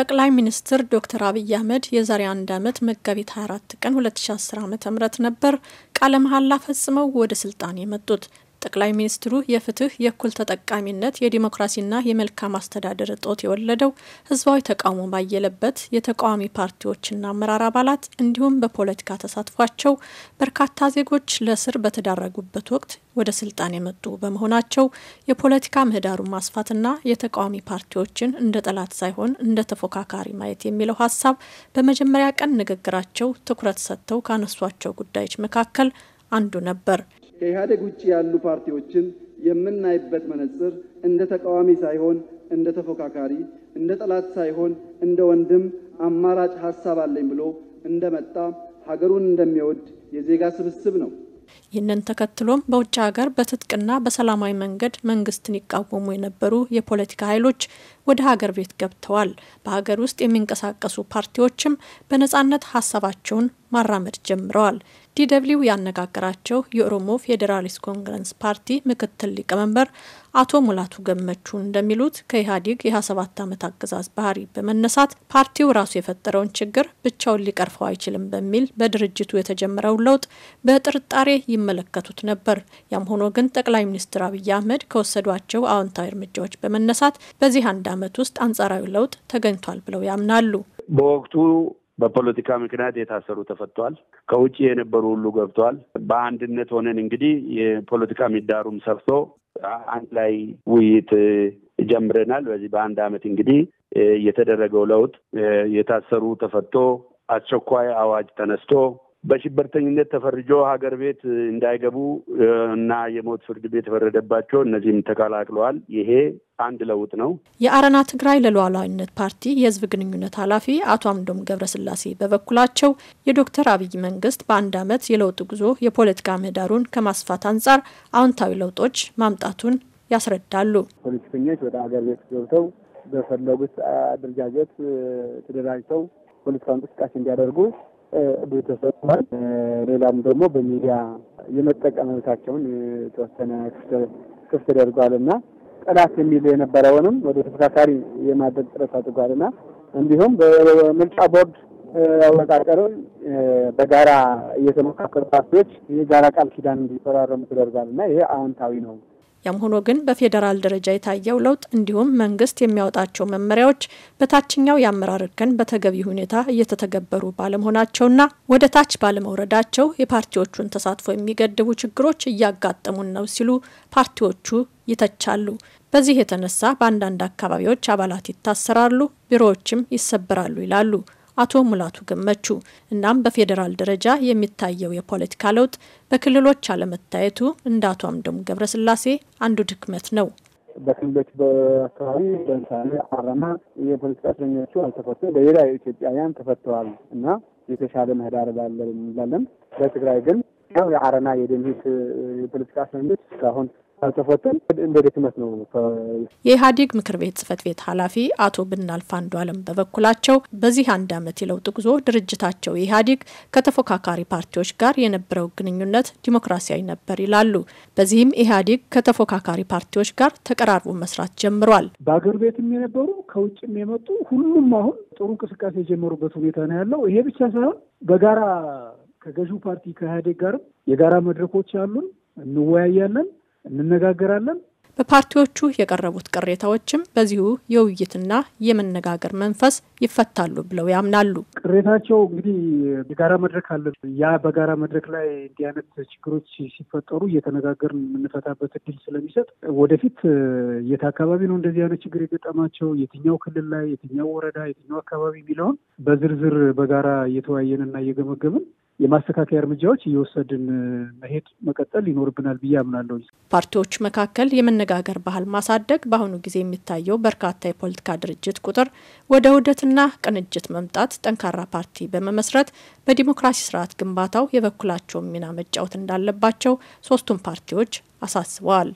ጠቅላይ ሚኒስትር ዶክተር አብይ አህመድ የዛሬ አንድ ዓመት መጋቢት 24 ቀን 2010 ዓ ም ነበር ቃለ መሐላ ፈጽመው ወደ ስልጣን የመጡት። ጠቅላይ ሚኒስትሩ የፍትህ፣ የእኩል ተጠቃሚነት፣ የዲሞክራሲና የመልካም አስተዳደር እጦት የወለደው ህዝባዊ ተቃውሞ ባየለበት የተቃዋሚ ፓርቲዎችና አመራር አባላት እንዲሁም በፖለቲካ ተሳትፏቸው በርካታ ዜጎች ለእስር በተዳረጉበት ወቅት ወደ ስልጣን የመጡ በመሆናቸው የፖለቲካ ምህዳሩን ማስፋትና የተቃዋሚ ፓርቲዎችን እንደ ጠላት ሳይሆን እንደ ተፎካካሪ ማየት የሚለው ሀሳብ በመጀመሪያ ቀን ንግግራቸው ትኩረት ሰጥተው ካነሷቸው ጉዳዮች መካከል አንዱ ነበር። ከኢህአዴግ ውጭ ያሉ ፓርቲዎችን የምናይበት መነጽር እንደ ተቃዋሚ ሳይሆን እንደ ተፎካካሪ፣ እንደ ጠላት ሳይሆን እንደ ወንድም አማራጭ ሀሳብ አለኝ ብሎ እንደመጣ ሀገሩን እንደሚወድ የዜጋ ስብስብ ነው። ይህንን ተከትሎም በውጭ ሀገር በትጥቅና በሰላማዊ መንገድ መንግስትን ይቃወሙ የነበሩ የፖለቲካ ኃይሎች ወደ ሀገር ቤት ገብተዋል። በሀገር ውስጥ የሚንቀሳቀሱ ፓርቲዎችም በነጻነት ሀሳባቸውን ማራመድ ጀምረዋል። ዲደብሊው ያነጋገራቸው የኦሮሞ ፌዴራሊስት ኮንግረስ ፓርቲ ምክትል ሊቀመንበር አቶ ሙላቱ ገመቹ እንደሚሉት ከኢህአዴግ የ27 ዓመት አገዛዝ ባህሪ በመነሳት ፓርቲው ራሱ የፈጠረውን ችግር ብቻውን ሊቀርፈው አይችልም በሚል በድርጅቱ የተጀመረው ለውጥ በጥርጣሬ ይመለከቱት ነበር። ያም ሆኖ ግን ጠቅላይ ሚኒስትር አብይ አህመድ ከወሰዷቸው አዎንታዊ እርምጃዎች በመነሳት በዚህ አንድ ዓመት ውስጥ አንጻራዊ ለውጥ ተገኝቷል ብለው ያምናሉ። በወቅቱ በፖለቲካ ምክንያት የታሰሩ ተፈቷል። ከውጭ የነበሩ ሁሉ ገብቷል። በአንድነት ሆነን እንግዲህ የፖለቲካ ምህዳሩም ሰፍቶ አንድ ላይ ውይይት ጀምረናል። በዚህ በአንድ ዓመት እንግዲህ የተደረገው ለውጥ የታሰሩ ተፈቶ አስቸኳይ አዋጅ ተነስቶ በሽበርተኝነት ተፈርጆ ሀገር ቤት እንዳይገቡ እና የሞት ፍርድ ቤት የፈረደባቸው እነዚህም ተቀላቅለዋል። ይሄ አንድ ለውጥ ነው። የአረና ትግራይ ለሉዓላዊነት ፓርቲ የህዝብ ግንኙነት ኃላፊ አቶ አምዶም ገብረስላሴ በበኩላቸው የዶክተር አብይ መንግስት በአንድ ዓመት የለውጥ ጉዞ የፖለቲካ ምህዳሩን ከማስፋት አንጻር አዎንታዊ ለውጦች ማምጣቱን ያስረዳሉ። ፖለቲከኞች ወደ ሀገር ቤት ገብተው በፈለጉት አደረጃጀት ተደራጅተው ፖለቲካ እንቅስቃሴ እንዲያደርጉ ተሰጥቷል። ሌላም ደግሞ በሚዲያ የመጠቀም መብታቸውን የተወሰነ ክፍት ተደርጓልና ጠላት የሚል የነበረውንም ወደ ተፎካካሪ የማድረግ ጥረት አድርጓል አድርጓልና እንዲሁም በምርጫ ቦርድ አወቃቀርን በጋራ እየተመካከሉ ፓርቲዎች የጋራ ቃል ኪዳን እንዲፈራረሙ ተደርጓል ተደርጓልና ይሄ አዎንታዊ ነው። ያም ሆኖ ግን በፌዴራል ደረጃ የታየው ለውጥ እንዲሁም መንግስት የሚያወጣቸው መመሪያዎች በታችኛው የአመራር እርከን በተገቢ ሁኔታ እየተተገበሩ ባለመሆናቸውና ወደ ታች ባለመውረዳቸው የፓርቲዎቹን ተሳትፎ የሚገድቡ ችግሮች እያጋጠሙን ነው ሲሉ ፓርቲዎቹ ይተቻሉ። በዚህ የተነሳ በአንዳንድ አካባቢዎች አባላት ይታሰራሉ፣ ቢሮዎችም ይሰበራሉ ይላሉ። አቶ ሙላቱ ገመቹ። እናም በፌዴራል ደረጃ የሚታየው የፖለቲካ ለውጥ በክልሎች አለመታየቱ እንደ አቶ አምዶም ገብረስላሴ አንዱ ድክመት ነው። በክልሎች በአካባቢ ለምሳሌ አረና የፖለቲካ እስረኞቹ አልተፈቱም፣ በሌላ ኢትዮጵያውያን ተፈተዋል እና የተሻለ ምህዳር ባለን እንላለን። በትግራይ ግን ያው የአረና የደምሂት የፖለቲካ እስረኞች እስካሁን አልተፈተን እንደ ድክመት ነው። የኢህአዴግ ምክር ቤት ጽህፈት ቤት ኃላፊ አቶ ብናልፍ አንዱ አለም በበኩላቸው በዚህ አንድ ዓመት የለውጥ ጉዞ ድርጅታቸው ኢህአዴግ ከተፎካካሪ ፓርቲዎች ጋር የነበረው ግንኙነት ዲሞክራሲያዊ ነበር ይላሉ። በዚህም ኢህአዴግ ከተፎካካሪ ፓርቲዎች ጋር ተቀራርቦ መስራት ጀምሯል። በአገር ቤትም የነበሩ ከውጭም የመጡ ሁሉም አሁን ጥሩ እንቅስቃሴ የጀመሩበት ሁኔታ ነው ያለው። ይሄ ብቻ ሳይሆን በጋራ ከገዢው ፓርቲ ከኢህአዴግ ጋርም የጋራ መድረኮች አሉን፣ እንወያያለን እንነጋገራለን። በፓርቲዎቹ የቀረቡት ቅሬታዎችም በዚሁ የውይይትና የመነጋገር መንፈስ ይፈታሉ ብለው ያምናሉ። ቅሬታቸው እንግዲህ የጋራ መድረክ አለ። ያ በጋራ መድረክ ላይ እንዲህ አይነት ችግሮች ሲፈጠሩ እየተነጋገርን የምንፈታበት እድል ስለሚሰጥ ወደፊት የት አካባቢ ነው እንደዚህ አይነት ችግር የገጠማቸው፣ የትኛው ክልል ላይ፣ የትኛው ወረዳ፣ የትኛው አካባቢ የሚለውን በዝርዝር በጋራ እየተወያየንና እየገመገምን የማስተካከያ እርምጃዎች እየወሰድን መሄድ መቀጠል ይኖርብናል ብዬ አምናለሁ። ፓርቲዎች መካከል የመነጋገር ባህል ማሳደግ በአሁኑ ጊዜ የሚታየው በርካታ የፖለቲካ ድርጅት ቁጥር ወደ ውህደትና ቅንጅት መምጣት ጠንካራ ፓርቲ በመመስረት በዲሞክራሲ ስርዓት ግንባታው የበኩላቸውን ሚና መጫወት እንዳለባቸው ሶስቱም ፓርቲዎች አሳስበዋል።